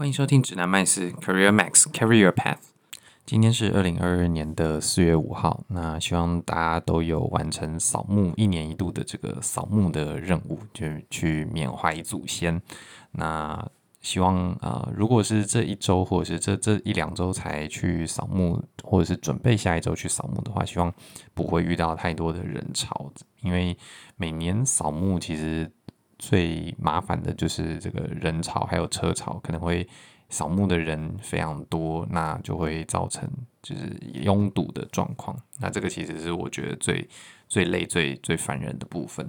歡迎收聽指南麥斯 Career Max Career Path。今天是二零二二年的四月五號，那希望大家都有完成掃墓，一年一度的這個掃墓的任務，就去緬懷祖先。那希望呃，如果是這一周或者是這這一兩周才去掃墓，或者是準備下一周去掃墓的話，希望不會遇到太多的人潮，因為每年掃墓其實最麻煩的就是這個人潮還有車潮，可能會掃墓的人非常多，那就會造成就是擁堵的狀況。那這個其實是我覺得最最累最、最最煩人的部分。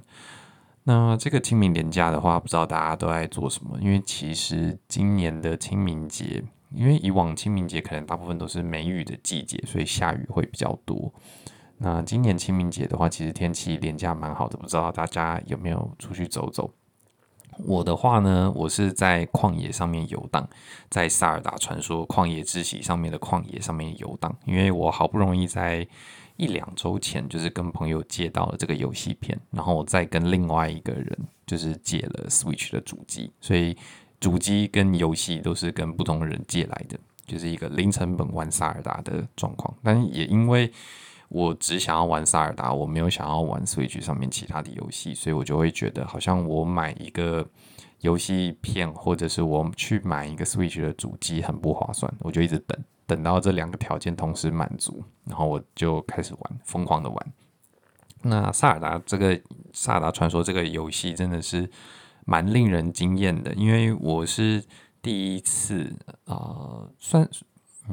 那這個清明連假的話，不知道大家都愛做什麼？因為其實今年的清明節，因為以往清明節可能大部分都是梅雨的季節，所以下雨會比較多。那今年清明節的話，其實天氣連假蠻好的，不知道大家有沒有出去走走？我的話呢，我是在曠野上面遊蕩，在《薩爾達傳說：曠野之息》上面的曠野上面遊蕩，因為我好不容易在一兩周前就是跟朋友借到了這個遊戲片，然後我再跟另外一個人就是借了 Switch 的主機，所以主機跟遊戲都是跟不同人借來的，就是一個零成本玩薩爾達的狀況。但也因為我只想要玩薩爾達，我沒有想要玩 Switch 上面其他的遊戲，所以我就會覺得好像我買一個遊戲片，或者是我去買一個 Switch 的主機很不划算，我就一直等，等到這兩個條件同時滿足，然後我就開始玩，瘋狂的玩。那薩爾達這個薩爾達傳說這個遊戲真的是蠻令人驚豔的，因為我是第一次啊、呃，算。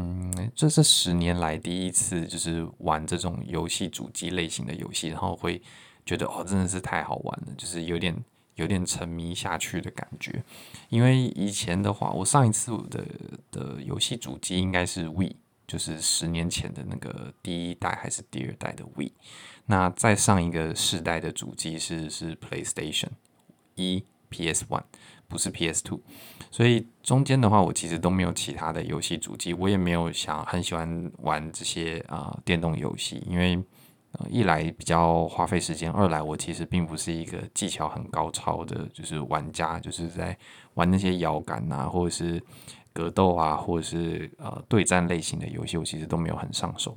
嗯，這是十年來第一次，就是玩這種遊戲主機類型的遊戲，然後會覺得哦，真的是太好玩了，就是有點有點沉迷下去的感覺。因為以前的話，我上一次我的的遊戲主機應該是 Wii，就是十年前的那個第一代還是第二代的 Wii。那再上一個世代的主機是是 PlayStation 1 PS One，不是 PS Two，所以中間的話，我其實都沒有其他的遊戲主機，我也沒有想很喜歡玩這些啊電動遊戲，因為一來比較花費時間，二來我其實並不是一個技巧很高超的，就是玩家，就是在玩那些搖桿啊，或者是格鬥啊，或者是呃對戰類型的遊戲，我其實都沒有很上手。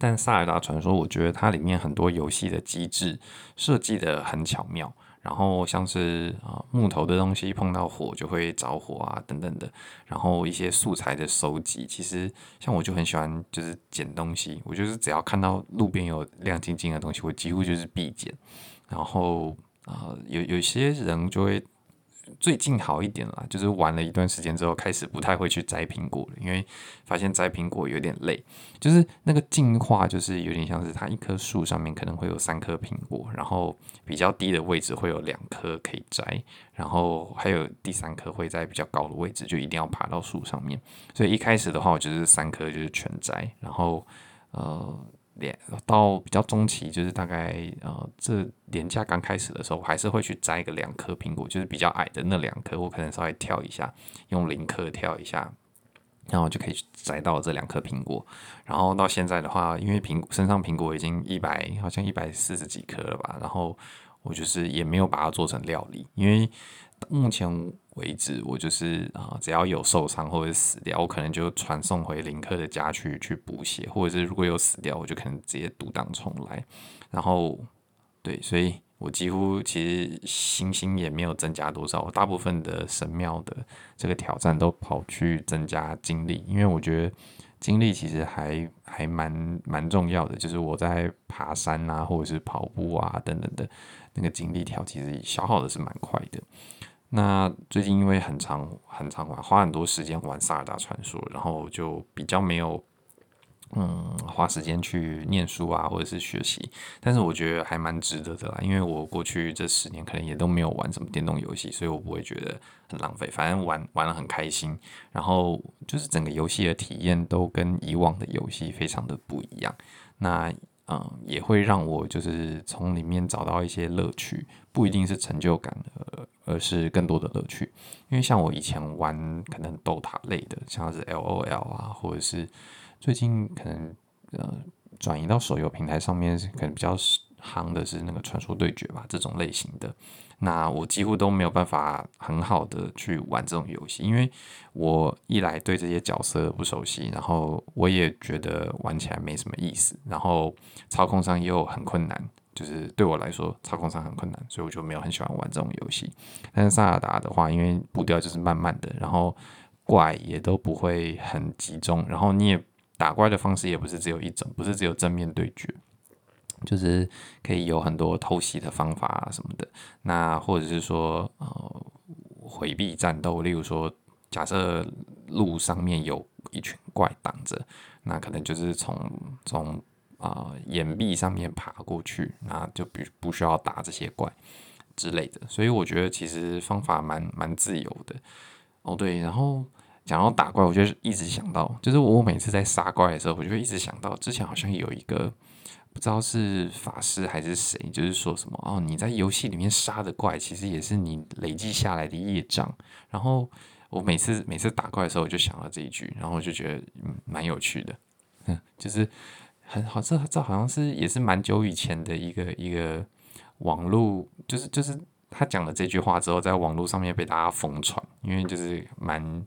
但《薩爾達傳說》，我覺得它裡面很多遊戲的機制設計得很巧妙。然後像是啊、呃，木頭的東西碰到火就會着火啊，等等的。然後一些素材的收集，其實像我就很喜歡，就是撿東西。我就是只要看到路邊有亮晶晶的東西，我幾乎就是必撿。然後啊、呃，有有些人就會。最近好一點了，就是玩了一段時間之後，開始不太會去摘蘋果了，因為發現摘蘋果有點累。就是那個進化，就是有點像是它一棵樹上面可能會有三顆蘋果，然後比較低的位置會有兩顆可以摘，然後還有第三顆會在比較高的位置，就一定要爬到樹上面。所以一開始的話，我就是三顆就是全摘，然後呃。到比較中期，就是大概呃，這年假剛開始的時候，我還是會去摘個兩顆蘋果，就是比較矮的那兩顆，我可能稍微跳一下，用零顆跳一下，然後就可以摘到這兩顆蘋果。然後到現在的話，因為蘋果身上蘋果已經一百，好像一百四十幾顆了吧，然後。我就是也沒有把它做成料理，因為到目前為止我就是啊、呃，只要有受傷或者死掉，我可能就傳送回林克的家去去補血，或者是如果有死掉，我就可能直接讀檔重來。然後對，所以我幾乎其實星星也沒有增加多少，我大部分的神廟的這個挑戰都跑去增加精力，因為我覺得精力其實還還蠻蠻重要的，就是我在爬山啊，或者是跑步啊等等的。那個精力條其實消耗的是蠻快的。那最近因為很常很常嘛，花很多時間玩《薩爾達傳說》，然後就比較沒有，嗯，花時間去念書啊，或者是學習。但是我覺得還蠻值得的啦，因為我過去這十年可能也都沒有玩什麼電動遊戲，所以我不會覺得很浪費。反正玩玩了很開心，然後就是整個遊戲的體驗都跟以往的遊戲非常的不一樣。那嗯，也會讓我就是從裡面找到一些樂趣，不一定是成就感的，而是更多的樂趣。因為像我以前玩可能 DOTA 類的，像是 LOL 啊，或者是最近可能呃轉移到手遊平台上面，是可能比較夯的是那個《傳說對決》吧，這種類型的。那我幾乎都沒有辦法很好的去玩這種遊戲，因為我一來對這些角色不熟悉，然後我也覺得玩起來沒什麼意思，然後操控上又很困難，就是對我來說操控上很困難，所以我就沒有很喜歡玩這種遊戲。但是薩爾達的話，因為步調就是慢慢的，然後怪也都不會很集中，然後你也打怪的方式也不是只有一種，不是只有正面對決。就是可以有很多偷襲的方法啊什麼的，那或者是說呃回避戰鬥，例如說假設路上面有一群怪擋着，那可能就是從從啊岩壁上面爬過去，那就不不需要打這些怪之類的。所以我覺得其實方法蠻蠻自由的哦。對，然後講到打怪，我就一直想到，就是我每次在殺怪的時候，我就會一直想到之前好像有一個。不知道是法師還是誰，就是說什麼哦，你在遊戲裡面殺的怪，其實也是你累積下來的業障。然後我每次每次打怪的時候，我就想到這一句，然後我就覺得蠻、嗯、有趣的，嗯，就是很好。這這好像是也是蠻久以前的一個一個網絡，就是就是他講了這句話之後，在網絡上面被大家瘋傳，因為就是蠻。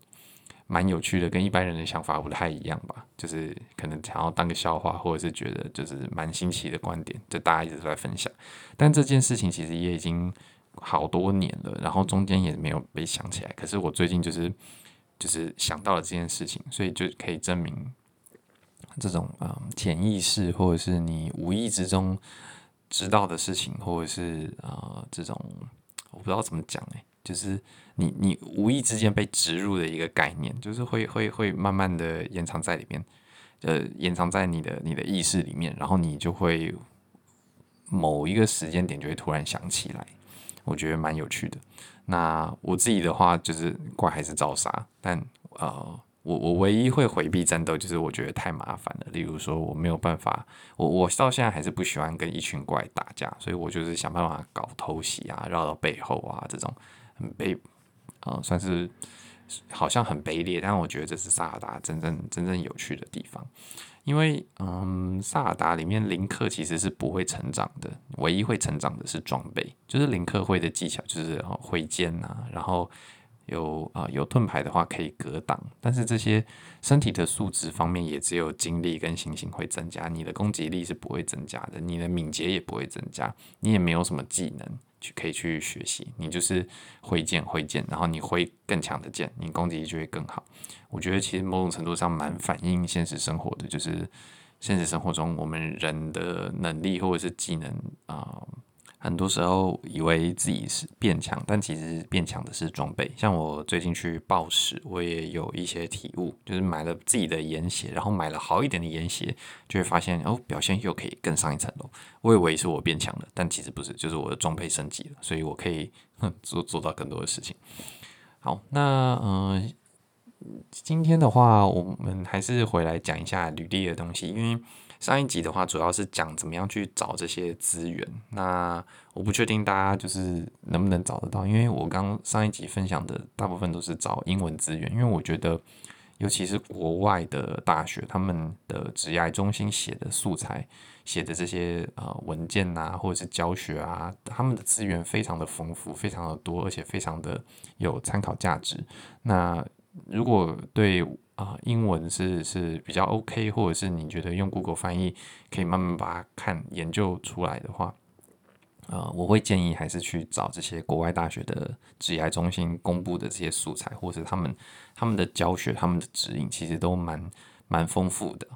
蠻有趣的，跟一般人的想法不太一樣吧，就是可能想要當個笑話，或者是覺得就是蠻新奇的觀點，就大家一直都在分享。但這件事情其實也已經好多年了，然後中間也沒有被想起來。可是我最近就是就是想到了這件事情，所以就可以證明這種呃、潛意識，或者是你無意之中知道的事情，或者是啊、呃、這種我不知道怎麼講、欸、就是。你你無意之間被植入的一個概念，就是會會會慢慢的延長在裡面，呃，延長在你的你的意識裡面，然後你就會某一個時間點就會突然想起來，我覺得蠻有趣的。那我自己的話就是怪還是照殺，但呃，我我唯一會回避戰鬥就是我覺得太麻煩了，例如說我沒有辦法，我我到現在還是不喜歡跟一群怪打架，所以我就是想辦法搞偷襲啊，繞到背後啊這種啊，算是好像很卑劣，但我覺得這是薩爾達真正真正有趣的地方，因為嗯，薩爾達裡面林克其實是不會成長的，唯一會成長的是裝備，就是林克會的技巧就是揮劍吶、啊，然後有啊、呃、有盾牌的話可以格擋，但是這些身體的素質方面也只有精力跟星星會增加，你的攻擊力是不會增加的，你的敏捷也不會增加，你也沒有什麼技能。去可以去學習，你就是揮劍揮劍，然後你揮更強的劍，你攻擊力就會更好。我覺得其實某種程度上蠻反映現實生活的，就是現實生活中我們人的能力或者是技能啊。呃很多時候以為自己是變強，但其實變強的是裝備。像我最近去抱石，我也有一些體悟，就是買了自己的岩鞋，然後買了好一點的岩鞋，就會發現哦，表現又可以更上一層樓。我以為是我變強了，但其實不是，就是我的裝備升級了，所以我可以做做到更多的事情。好，那嗯、呃，今天的話，我們還是回來講一下履歷的東西，因為。上一集的話，主要是講怎麼樣去找這些資源。那我不確定大家就是能不能找得到，因為我剛上一集分享的大部分都是找英文資源，因為我覺得，尤其是國外的大學，他們的職業中心寫的素材、寫的這些呃文件吶、啊，或者是教學啊，他們的資源非常的豐富，非常的多，而且非常的有參考價值。那如果對啊、呃，英文是是比較 OK，或者是你覺得用 Google 翻譯可以慢慢把它看研究出來的話，啊、呃，我會建議還是去找這些國外大學的職業中心公布的這些素材，或者是他們他們的教學、他們的指引其實都蠻蠻豐富的。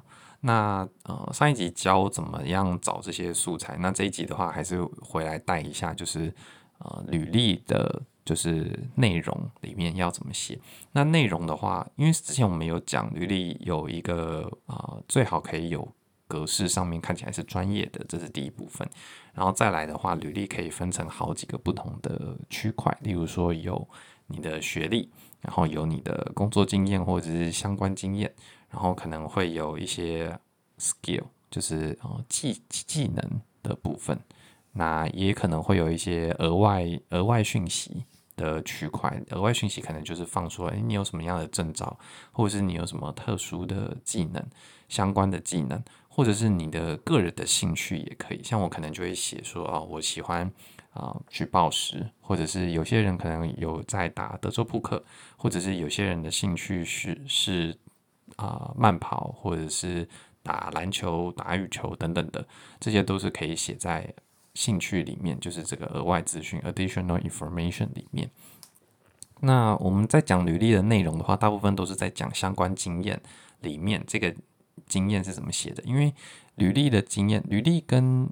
那呃，上一集教怎麼樣找這些素材，那這一集的話還是回來帶一下，就是呃，履歷的。就是內容裡面要怎麼寫？那內容的話，因為之前我們有講，履歷有一個啊、呃，最好可以有格式，上面看起來是專業的，這是第一部分。然後再來的話，履歷可以分成好幾個不同的區塊，例如說有你的學歷，然後有你的工作經驗或者是相關經驗，然後可能會有一些 skill，就是哦技技能的部分。那也可能會有一些額外額外訊息。的區塊額外訊息可能就是放說，哎，你有什麼樣的證照，或者是你有什麼特殊的技能相關的技能，或者是你的個人的興趣也可以。像我可能就會寫說，哦，我喜歡啊，去、呃、報時，或者是有些人可能有在打德州撲克，或者是有些人的興趣是是啊、呃，慢跑，或者是打籃球、打羽球等等的，這些都是可以寫在。興趣裡面，就是這個額外資訊 （additional information） 裡面。那我們在講履歷的內容的話，大部分都是在講相關經驗裡面。這個經驗是怎麼寫的？因為履歷的經驗，履歷跟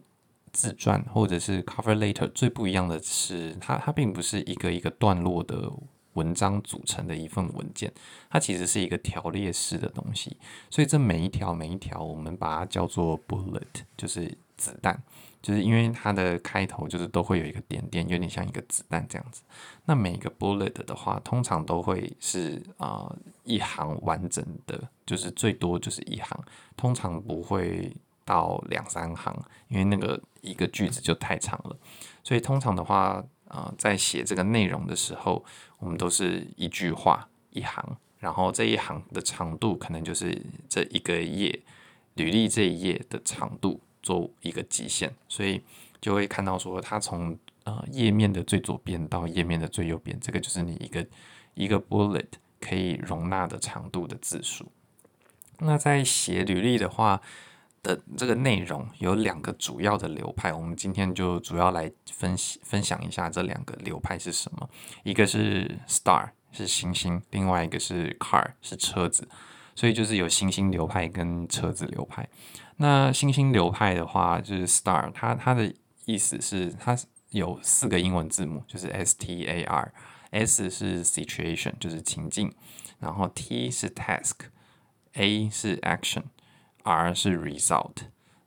自傳或者是 cover letter 最不一樣的是，它、它並不是一個一個段落的文章組成的一份文件，它其實是一個條列式的東西。所以這每一條每一條，我們把它叫做 bullet，就是子彈。就是因為它的開頭就是都會有一個點點，有點像一個子彈這樣子。那每一個 bullet 的話，通常都會是啊、呃、一行完整的，就是最多就是一行，通常不會到兩三行，因為那個一個句子就太長了。所以通常的話，呃，在寫這個內容的時候，我們都是一句話一行，然後這一行的長度可能就是這一個頁履歷這一頁的長度，做一個極限，所以就會看到說它，它從呃頁面的最左邊到頁面的最右邊，這個就是你一個一個 bullet 可以容納的長度的字數。那在寫履歷的話的這個內容有兩個主要的流派，我們今天就主要來分析分享一下這兩個流派是什麼。一個是 star 是星星，另外一個是 car 是車子，所以就是有星星流派跟車子流派。那星星流派的話就是 STAR，它它的意思是它有四個英文字母，就是 STAR, s t a r，s 是 situation，就是情境，然後 t 是 task，a 是 action，r 是 result，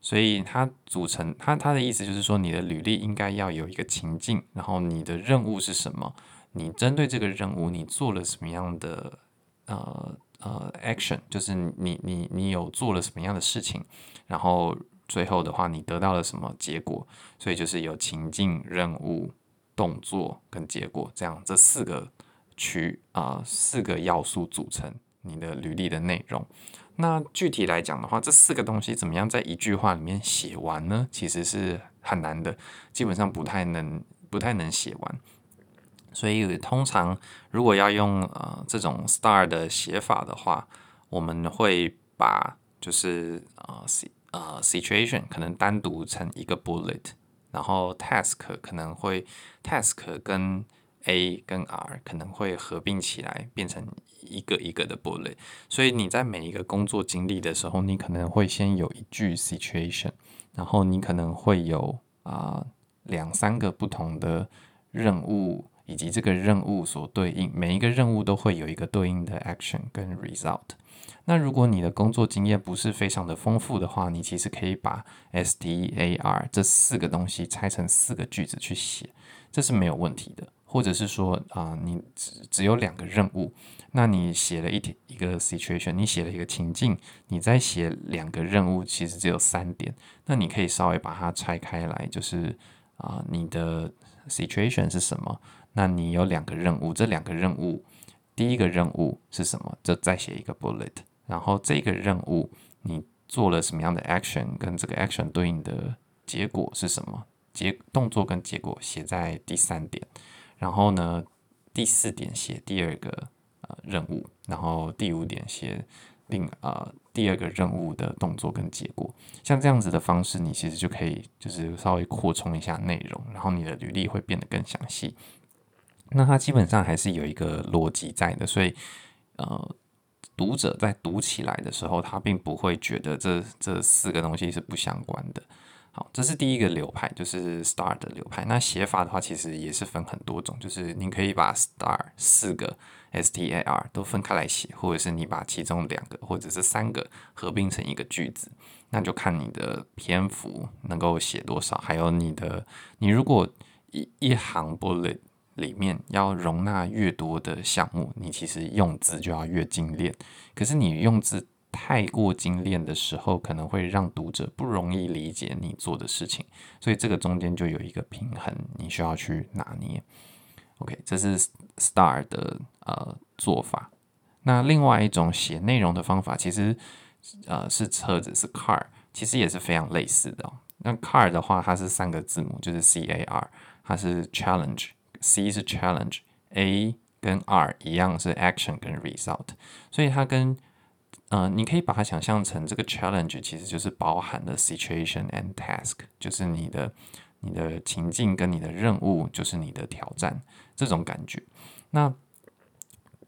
所以它組成它它的意思就是說你的履歷應該要有一個情境，然後你的任務是什麼，你針對這個任務你做了什麼樣的呃。呃，action 就是你你你有做了什麼樣的事情，然後最後的話，你得到了什麼結果，所以就是有情境、任務、動作跟結果這樣這四個區啊、呃、四個要素組成你的履歷的內容。那具體來講的話，這四個東西怎麼樣在一句話裡面寫完呢？其實是很難的，基本上不太能不太能寫完。所以通常，如果要用呃這種 star 的寫法的話，我們會把就是啊 sit 呃 situation 可能單獨成一個 bullet，然後 task 可能會 task 跟 A 跟 R 可能會合併起來變成一個一個的 bullet。所以你在每一個工作經歷的時候，你可能會先有一句 situation，然後你可能會有啊兩三個不同的任務。以及這個任務所對應，每一個任務都會有一個對應的 action 跟 result。那如果你的工作經驗不是非常的豐富的話，你其實可以把 S T A R 這四個東西拆成四個句子去寫，這是沒有問題的。或者是說啊、呃，你只只有兩個任務，那你寫了一一個 situation，你寫了一個情境，你再寫兩個任務，其實只有三點，那你可以稍微把它拆開來，就是啊、呃，你的 situation 是什麼？那你有兩個任務，這兩個任務，第一個任務是什麼？就再寫一個 bullet，然後這個任務你做了什麼樣的 action，跟這個 action 對應的結果是什麼？結動作跟結果寫在第三點，然後呢第四點寫第二個、呃、任務，然後第五點寫另呃第二個任務的動作跟結果，像這樣子的方式，你其實就可以就是稍微擴充一下內容，然後你的履歷會變得更詳細。那它基本上還是有一個邏輯在的，所以呃，讀者在讀起來的時候，他並不會覺得這這四個東西是不相關的。好，這是第一個流派，就是 STAR 的流派。那寫法的話，其實也是分很多種，就是你可以把 STAR 四個 S-T-A-R 都分開來寫，或者是你把其中兩個或者是三個合併成一個句子，那就看你的篇幅能夠寫多少，還有你的你如果一一行 bullet。裡面要容納越多的項目，你其實用字就要越精煉。可是你用字太過精煉的時候，可能會讓讀者不容易理解你做的事情。所以這個中間就有一個平衡，你需要去拿捏。OK，這是 Star 的呃做法。那另外一種寫內容的方法，其實呃是車子是 Car，其實也是非常類似的哦。那 Car 的話，它是三個字母，就是 C A R，它是 Challenge。C 是 challenge，A 跟 R 一樣是 action 跟 result，所以它跟嗯、呃，你可以把它想象成這個 challenge 其實就是包含了 situation and task，就是你的你的情境跟你的任務，就是你的挑戰這種感覺。那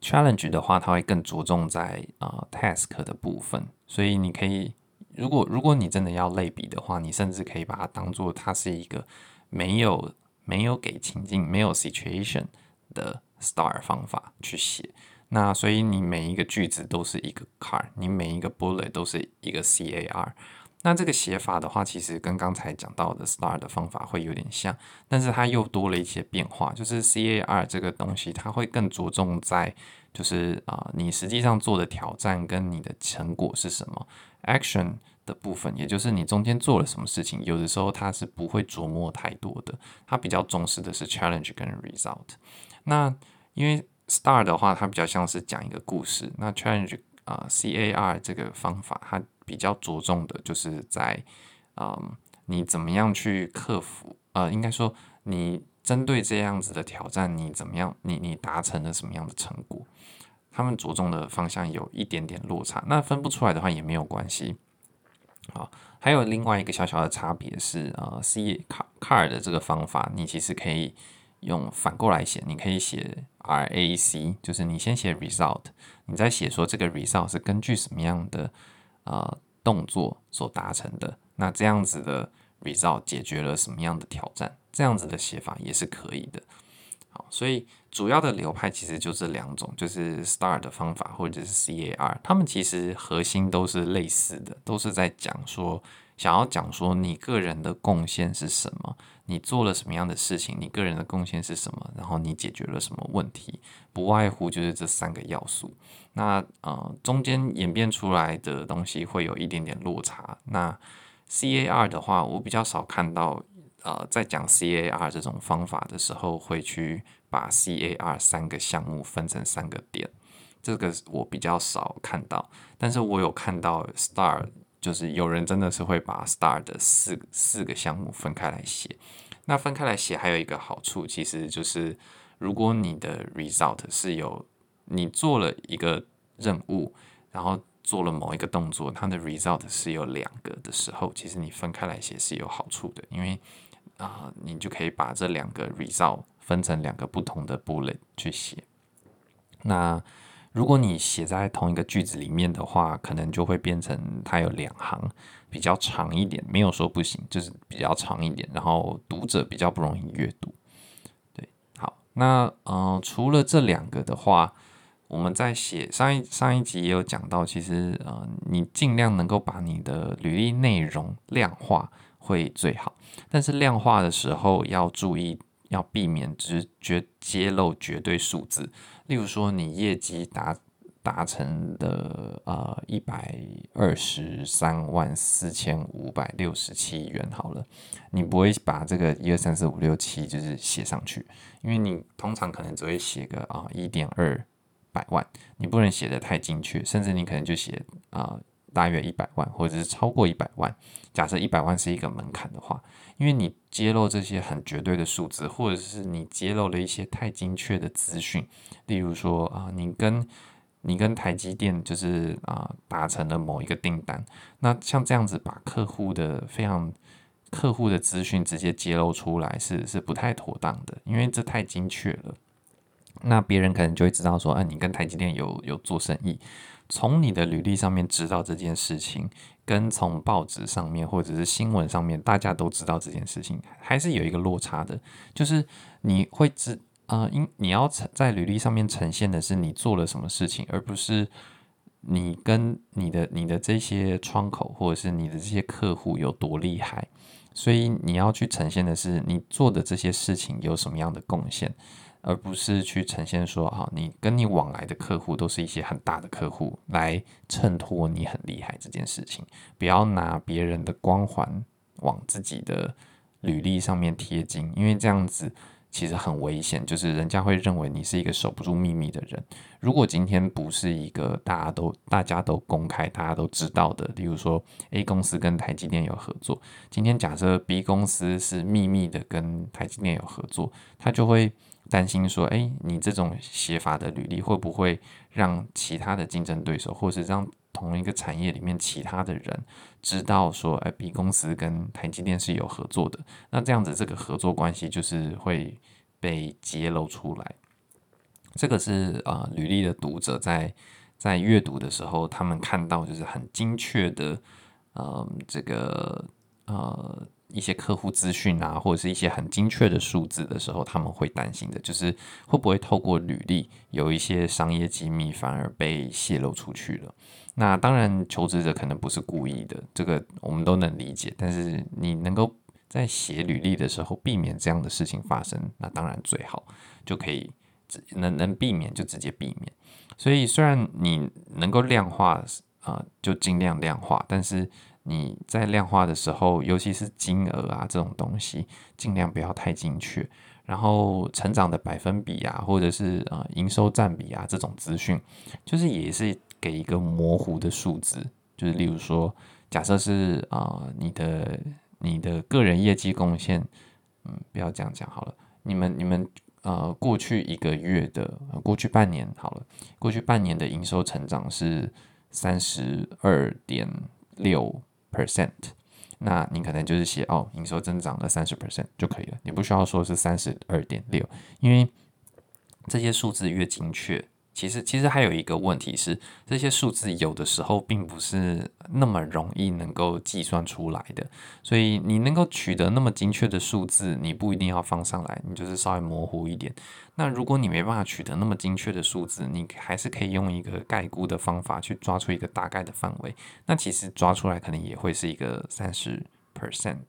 challenge 的話，它會更着重在啊、呃、task 的部分，所以你可以如果如果你真的要類比的話，你甚至可以把它當做它是一個沒有。沒有給情境，沒有 situation 的 star 方法去寫，那所以你每一個句子都是一個 car，你每一個 bullet 都是一個 CAR，那這個寫法的話，其實跟剛才講到的 star 的方法會有點像，但是它又多了一些變化，就是 CAR 這個東西，它會更着重在就是啊、呃，你實際上做的挑戰跟你的成果是什麼 action。的部分，也就是你中間做了什麼事情，有的時候他是不會琢磨太多的，他比較重視的是 challenge 跟 result。那因為 STAR 的話，它比較像是講一個故事。那 challenge 啊，呃，C A R 這個方法，它比較着重的就是在，嗯，呃，你怎麼樣去克服，呃，應該說你針對這樣子的挑戰，你怎麼樣，你你達成了什麼樣的成果？他們着重的方向有一點點落差，那分不出來的話也沒有關係。好，還有另外一個小小的差別是啊、呃、，C 卡卡爾的這個方法，你其實可以用反過來寫，你可以寫 RAC，就是你先寫 result，你再寫說這個 result 是根據什麼樣的、呃、動作所達成的，那這樣子的 result 解決了什麼樣的挑戰，這樣子的寫法也是可以的。好，所以。主要的流派其實就這兩種，就是 STAR 的方法或者是 CAR。他們其實核心都是類似的，都是在講說想要講說你個人的貢獻是什麼，你做了什麼樣的事情，你個人的貢獻是什麼，然後你解決了什麼問題，不外乎就是這三個要素。那呃，中間演變出來的東西會有一點點落差。那 CAR 的話，我比較少看到呃，在講 CAR 這種方法的時候會去。把 CAR 三個項目分成三個點，這個我比較少看到，但是我有看到 STAR，就是有人真的是會把 STAR 的四個四個項目分開來寫。那分開來寫還有一個好處，其實就是如果你的 result 是有你做了一個任務，然後做了某一個動作，它的 result 是有兩個的時候，其實你分開來寫是有好處的，因為啊、呃，你就可以把這兩個 result。分成兩個不同的 bullet 去寫。那如果你寫在同一個句子裡面的話，可能就會變成它有兩行，比較長一點，沒有說不行，就是比較長一點，然後讀者比較不容易閱讀。對，好，那嗯、呃，除了這兩個的話，我們在寫上一上一集也有講到，其實呃，你盡量能夠把你的履歷內容量化會最好，但是量化的時候要注意。要避免直接揭露絕對數字，例如說你業績達達成的呃一百二十三萬四千五百六十七元好了，你不會把這個一二三四五六七就是寫上去，因為你通常可能只會寫個啊一點二百萬，你不能寫得太精確，甚至你可能就寫啊、呃、大約一百萬或者是超過一百萬，假設一百萬是一個門檻的話，因為你揭露這些很絕對的數字，或者是你揭露了一些太精確的資訊，例如說啊、呃，你跟你跟台積電就是啊、呃、達成了某一個訂單，那像這樣子把客戶的非常客戶的資訊直接揭露出來是是不太妥當的，因為這太精確了。那別人可能就會知道說，哎、啊，你跟台積電有有做生意。從你的履歷上面知道這件事情，跟從報紙上面或者是新聞上面，大家都知道這件事情，還是有一個落差的。就是你會知，呃，因你要在履歷上面呈現的是你做了什麼事情，而不是你跟你的你的這些窗口或者是你的這些客戶有多厲害。所以你要去呈現的是你做的這些事情有什麼樣的貢獻。而不是去呈現說，啊，你跟你往來的客戶都是一些很大的客戶，來襯托你很厲害這件事情，不要拿別人的光環往自己的履歷上面貼金，因為這樣子其實很危險，就是人家會認為你是一個守不住秘密的人。如果今天不是一個大家都、大家都公開、大家都知道的，例如說 A 公司跟台積電有合作，今天假設 B 公司是秘密的跟台積電有合作，他就會。擔心說，哎、欸，你這種寫法的履歷會不會讓其他的競爭對手，或者是讓同一個產業裡面其他的人知道說，哎、欸，B 公司跟台積電是有合作的？那這樣子，這個合作關係就是會被揭露出來。這個是啊、呃，履歷的讀者在在閱讀的時候，他們看到就是很精確的，嗯、呃，這個呃。一些客戶資訊啊，或者是一些很精確的數字的時候，他們會擔心的，就是會不會透過履歷有一些商業機密反而被洩露出去了。那當然，求職者可能不是故意的，這個我們都能理解。但是你能夠在寫履歷的時候避免這樣的事情發生，那當然最好，就可以能能避免就直接避免。所以雖然你能夠量化啊，呃，就盡量量化，但是，你在量化的時候，尤其是金額啊這種東西，盡量不要太精確。然後成長的百分比啊，或者是呃營收佔比啊這種資訊，就是也是給一個模糊的數字。就是例如說，假設是呃你的你的個人業績貢獻，嗯，不要這樣講好了。你們你們呃過去一個月的，過去半年好了，過去半年的營收成長是三十二點六。percent，那你可能就是寫哦，營收增長了三十 percent 就可以了，你不需要說是三十二點六，因為這些數字越精確。其實，其實還有一個問題是，這些數字有的時候並不是那麼容易能夠計算出來的。所以，你能夠取得那麼精確的數字，你不一定要放上來，你就是稍微模糊一點。那如果你沒辦法取得那麼精確的數字，你還是可以用一個概估的方法去抓出一個大概的範圍。那其實抓出來可能也會是一個三十 percent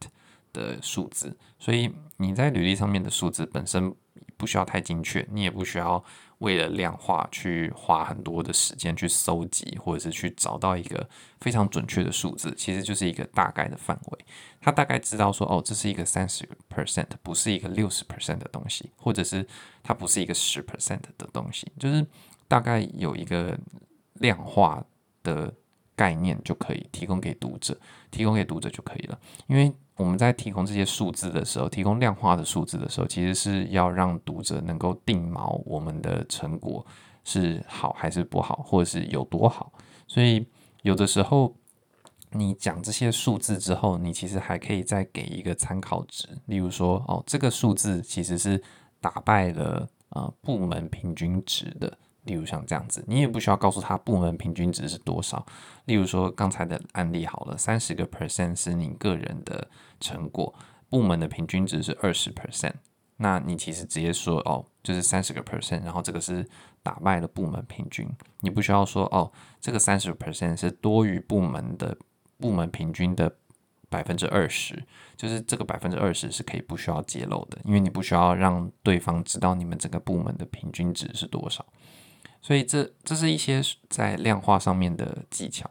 的數字。所以你在履歷上面的數字本身不需要太精確，你也不需要。為了量化，去花很多的時間去搜集，或者是去找到一個非常準確的數字，其實就是一個大概的範圍。他大概知道說，哦，這是一個三十 percent，不是一個六十 percent 的東西，或者是它不是一個十 percent 的東西，就是大概有一個量化的概念就可以提供給讀者，提供給讀者就可以了，因為。我們在提供這些數字的時候，提供量化的數字的時候，其實是要讓讀者能夠定錨我們的成果是好還是不好，或是有多好。所以有的時候，你講這些數字之後，你其實還可以再給一個參考值，例如說，哦，這個數字其實是打敗了啊、呃、部門平均值的。例如像這樣子，你也不需要告訴他部門平均值是多少。例如說剛才的案例好了，三十個 percent 是你個人的成果，部門的平均值是二十 percent。那你其實直接說哦，就是三十個 percent，然後這個是打敗了部門平均。你不需要說哦，這個三十個 percent 是多於部門的部門平均的百分之二十，就是這個百分之二十是可以不需要揭露的，因為你不需要讓對方知道你們整個部門的平均值是多少。所以這這是一些在量化上面的技巧，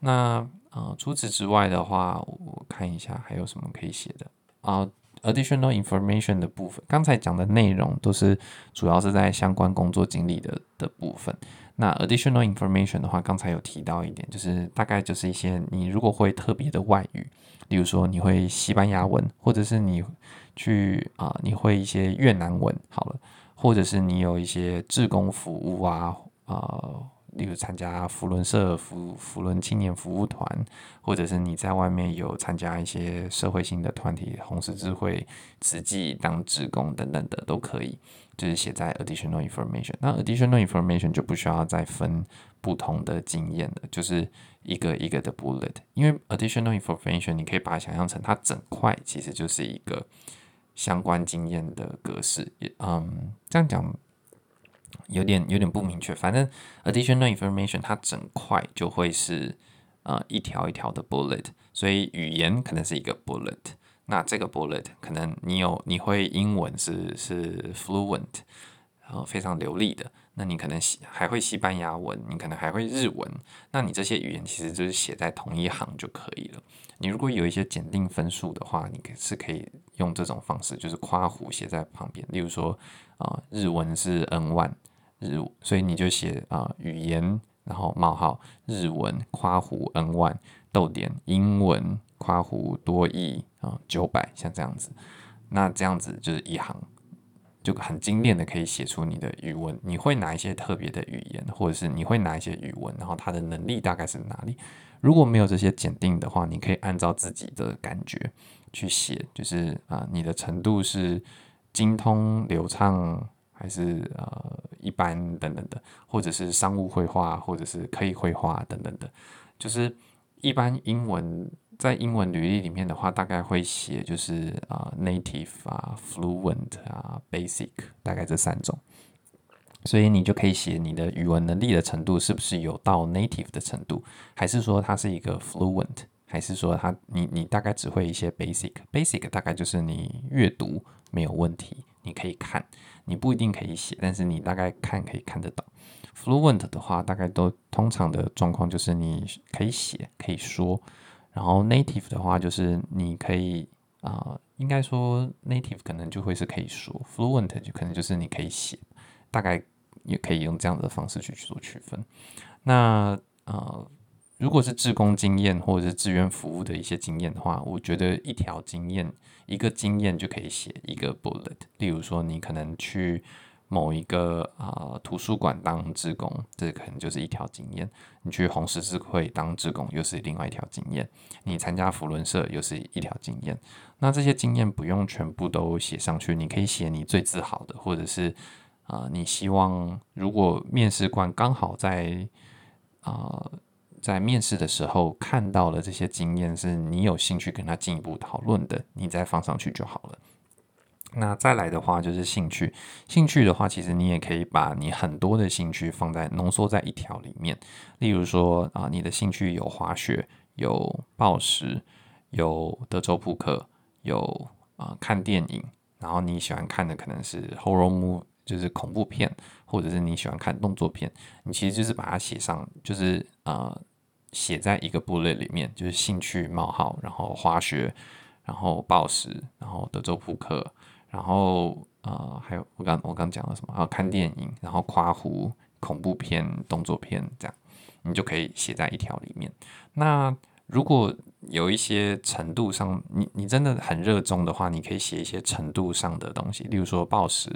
那呃除此之外的話，我看一下還有什麼可以寫的啊？呃，Additional information 的部分，剛才講的內容都是主要是在相關工作經歷的的部分。那 Additional information 的話，剛才有提到一點，就是大概就是一些你如果會特別的外語，例如說你會西班牙文，或者是你去啊，呃，你會一些越南文，好了。或者是你有一些志工服務啊，呃，例如參加福倫社福福倫青年服務團，或者是你在外面有參加一些社會性的團體，紅十字會、慈濟當志工等等的都可以，就是寫在 additional information。那 additional information 就不需要再分不同的經驗了，就是一個一個的 bullet，因為 additional information 你可以把它想象成它整塊其實就是一個。相關經驗的格式，嗯，這樣講有點有點不明確。反正 additional information 它整塊就會是呃一條一條的 bullet，所以語言可能是一個 bullet，那這個 bullet 可能你有你會英文是是 fluent，然後，呃，非常流利的。那你可能還會西班牙文，你可能還會日文，那你這些語言其實就是寫在同一行就可以了。你如果有一些檢定分數的話，你是可以用這種方式，就是括弧寫在旁邊。例如說啊、呃，日文是 N1 日，所以你就寫啊、呃、語言，然後冒號日文，括弧 N1，逗點英文，括弧多益啊九百，呃、900, 像這樣子，那這樣子就是一行。就很精煉的可以寫出你的語文，你會拿一些特別的語言，或者是你會拿一些語文，然後它的能力大概是哪裡？如果沒有這些檢定的話，你可以按照自己的感覺去寫，就是啊、呃，你的程度是精通流暢還是呃一般等等的，或者是商務會話，或者是可以會話等等的，就是一般英文。在英文履歷裡面的話，大概會寫就是啊、uh，native 啊、uh，fluent 啊、uh，basic，大概這三種。所以你就可以寫你的語文能力的程度是不是有到 native 的程度，還是說它是一個 fluent，還是說它你你大概只會一些 basic，basic basic 大概就是你閱讀沒有問題，你可以看，你不一定可以寫，但是你大概看可以看得到。fluent 的話，大概都通常的狀況就是你可以寫，可以說。然後 native 的話，就是你可以啊、呃，應該說 native 可能就會是可以說 fluent，就可能就是你可以寫，大概也可以用這樣的方式去去做區分。那呃，如果是志工經驗或者是志願服務的一些經驗的話，我覺得一條經驗一個經驗就可以寫一個 bullet。例如說，你可能去。某一個啊、呃、圖書館當志工，這可能就是一條經驗；你去紅十字會當志工，又是另外一條經驗；你參加扶輪社，又是一條經驗。那這些經驗不用全部都寫上去，你可以寫你最自豪的，或者是啊、呃，你希望如果面試官剛好在啊、呃、在面試的時候看到了這些經驗，是你有興趣跟他進一步討論的，你再放上去就好了。那再來的話就是興趣，興趣的話，其實你也可以把你很多的興趣放在濃縮在一條裡面。例如說啊、呃，你的興趣有滑雪，有暴食、有德州撲克，有啊、呃、看電影。然後你喜歡看的可能是 horror movie，就是恐怖片，或者是你喜歡看動作片。你其實就是把它寫上，就是啊，寫、呃、在一個 bullet 裡面，就是興趣冒號，然後滑雪，然後暴食，然後德州撲克。然後呃，還有我剛我剛講了什麼？啊，看電影，然後括弧恐怖片、動作片這樣，你就可以寫在一條裡面。那如果有一些程度上，你你真的很熱衷的話，你可以寫一些程度上的東西，例如說抱石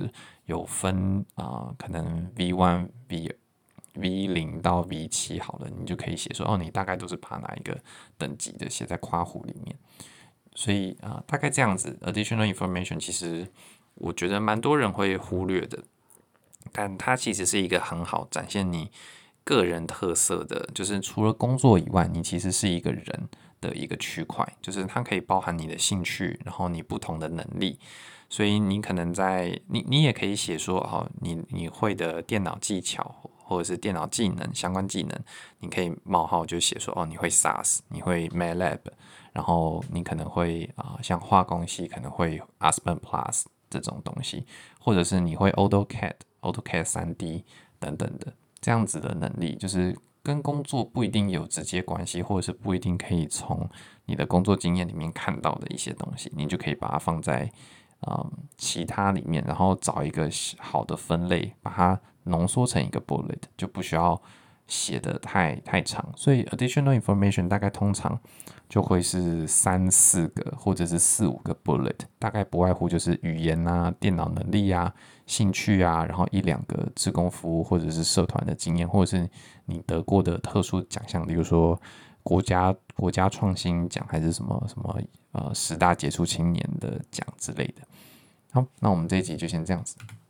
有分啊、呃，可能 V1, V one、V V 零到 V 七好了，你就可以寫說哦，你大概都是爬哪一個等級的，寫在括弧裡面。所以啊，呃，大概這樣子。additional information，其實我覺得蠻多人會忽略的，但它其實是一個很好展現你個人特色的，就是除了工作以外，你其實是一個人的一個區塊，就是它可以包含你的興趣，然後你不同的能力。所以你可能在你你也可以寫說哦，你你會的電腦技巧。或者是電腦技能、相關技能，你可以冒號就寫說哦，你會 SAS，你會 MATLAB，然後你可能會啊、呃，像化工系可能會 Aspen Plus 這種東西，或者是你會 AutoCAD、AutoCAD 三 D 等等的這樣子的能力，就是跟工作不一定有直接關係，或者是不一定可以從你的工作經驗裡面看到的一些東西，你就可以把它放在啊、呃、其他裡面，然後找一個好的分類把它濃縮成一個 bullet 就不需要寫得太太長，所以 additional information 大概通常就會是三四個或者是四五個 bullet，大概不外乎就是語言啊、電腦能力啊、興趣啊，然後一兩個志工服務或者是社團的經驗，或者是你得過的特殊獎項，比如說國家國家創新獎還是什麼什麼呃十大傑出青年的獎之類的。好，那我們這一集就先這樣子。